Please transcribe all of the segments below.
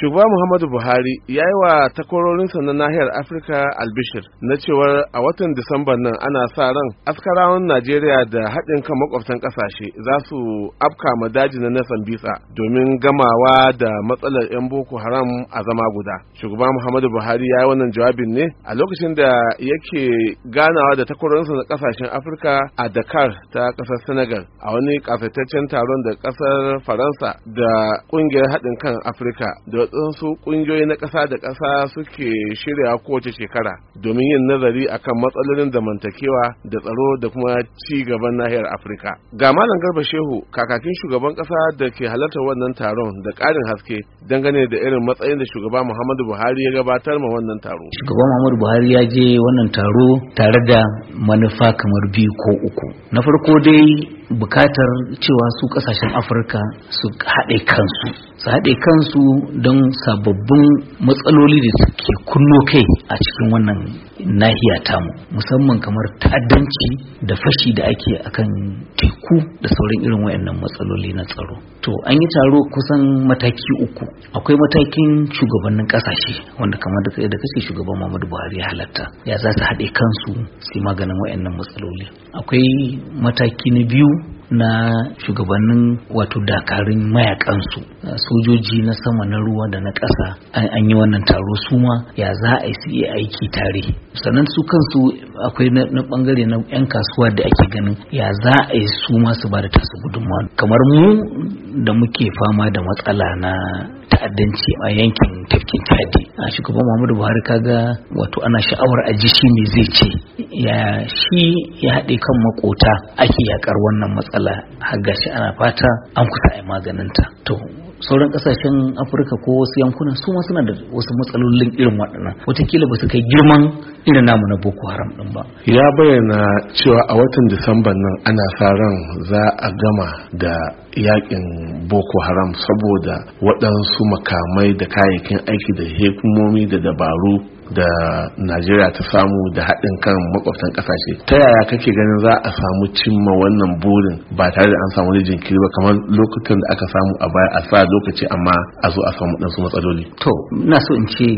shugaba muhammadu buhari ya yi wa takwarorinsa na nahiyar afirka albishir na cewar a watan disamba nan ana sa ran askarawan najeriya da haɗin kan makwabtan ƙasashe za su afka ma daji na nasan bisa domin gamawa da matsalar 'yan boko haram a zama guda shugaba muhammadu buhari ya yi wannan jawabin ne a lokacin da yake ganawa da takwarorinsa na ƙasashen afirka a dakar ta ƙasar senegal a wani ƙasaitaccen taron da ƙasar faransa da ƙungiyar haɗin kan afirka waɗansu ƙungiyoyi na ƙasa da ƙasa suke shirya kowace shekara domin yin nazari akan matsalolin zamantakewa da tsaro da kuma ci gaban nahiyar afirka ga malam garba shehu kakakin shugaban ƙasa da ke halartar wannan taron da ƙarin haske dangane da irin matsayin da shugaba muhammadu buhari ya gabatar ma wannan taro shugaba muhammadu buhari ya je wannan taro tare da manufa kamar biyu ko uku na farko dai bukatar cewa su kasashen afirka su haɗe kansu su haɗe kansu don sababbin matsaloli da suke kunno kai a cikin wannan nahiya tamu musamman kamar ta'addanci da fashi da ake akan teku da sauran irin wayannan matsaloli na tsaro to an yi taro kusan mataki uku akwai matakin shugabannin kasashe wanda kamar da da kace shugaban Muhammadu Buhari ya halatta ya za su haɗe kansu su maganin wayannan matsaloli akwai mataki na biyu na shugabannin wato dakarun mayakansu uh, sojoji na sama na ruwa da na ƙasa an yi wannan taro su ma ya za a su iya aiki tare sannan su kansu akwai na bangare na 'yan kasuwa da ake ganin ya za a yi su ma su ba da tasu gudunmawa kamar mu da muke fama da matsala na ta'addanci a yankin tafkin chadi a shugaban muhammadu buhari kaga wato ana sha'awar a ji shi ne zai ce ya shi ya haɗe kan makota ake yakar wannan matsala haga gashi ana fata an kusa a maganin ta to sauran kasashen afirka ko wasu yankunan su ma suna da wasu matsalolin irin waɗannan watakila ba su kai girman irin namu na boko haram din ba ya bayyana cewa a watan disamban nan ana sa ran za a gama da yakin boko haram saboda waɗansu makamai da kayayyakin aiki da hekumomi da dabaru da najeriya ta samu da haɗin kan makwabtan ƙasashe ta yaya kake ganin za a samu cimma wannan burin ba tare da an samu wani jinkiri ba kamar lokutan da aka samu a baya a sa lokaci amma a zo a samu ɗansu matsaloli to ina so in ce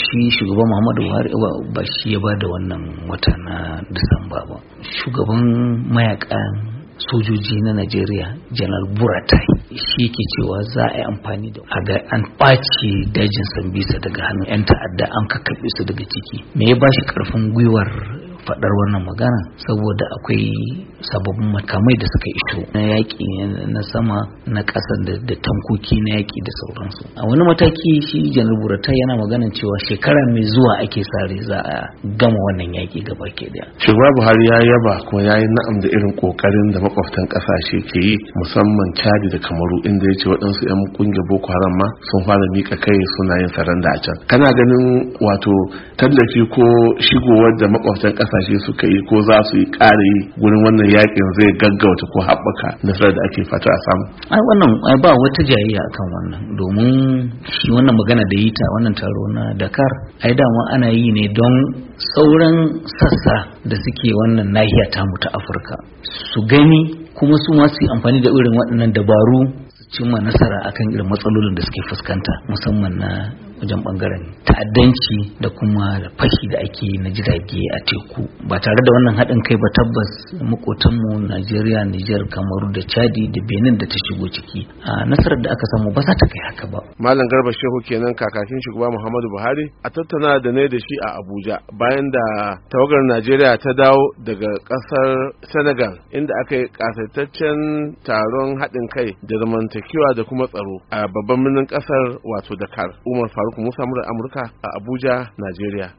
shi shugaban muhammadu buhari ba ya ba da wannan wata na disamba ba shugaban mayakan sojoji na Najeriya Janar Buratai shi ke cewa za a yi amfani da aga an ɓaci dajin Sambisa daga hannun 'yan ta'adda an kakkaɓe su daga ciki me ya bashi ƙarfin gwiwar faɗar wannan magana saboda akwai sababbin makamai da suka iso na yaƙi na sama na ƙasa da tankoki na yaƙi da sauransu a wani mataki shi janar burata yana magana cewa shekara mai zuwa ake sare za a gama wannan yaƙi gaba ke daya shugaba buhari ya yaba kuma ya yi na'am da irin ƙoƙarin da makwabtan ƙasashe ke yi musamman cadi da kamaru inda ya ce waɗansu 'yan ƙungiyar boko haram ma sun fara miƙa kai suna yin saranda a can kana ganin wato tallafi ko shigowar da makwabtan ƙasa kasashe suka yi ko za su yi yi gurin wannan yakin zai gaggauta ko haɓaka nasarar da ake fata a samu ai wannan ai ba wata jayayya akan wannan domin shi wannan magana da yi ta wannan taro na Dakar ai dama ana yi ne don sauran sassa da suke wannan nahiya tamu ta Afirka su gani kuma su ma su yi amfani da irin waɗannan dabaru su cimma nasara akan irin matsalolin da suke fuskanta musamman na wajen bangaren ta'addanci da kuma da fashi da ake na jirage a teku ba tare da wannan haɗin kai ba tabbas makotanmu najeriya nijar kamaru da chadi da benin da ta shigo ciki a nasarar da aka samu ba za ta kai haka ba malam garba shehu kenan kakakin shugaba muhammadu buhari a tattauna da ne da shi a abuja bayan da tawagar najeriya ta dawo daga ƙasar senegal inda aka yi ƙasaitaccen taron haɗin kai da zamantakewa da kuma tsaro a babban birnin ƙasar wato dakar umar faruk musa murar amurka a abuja najeriya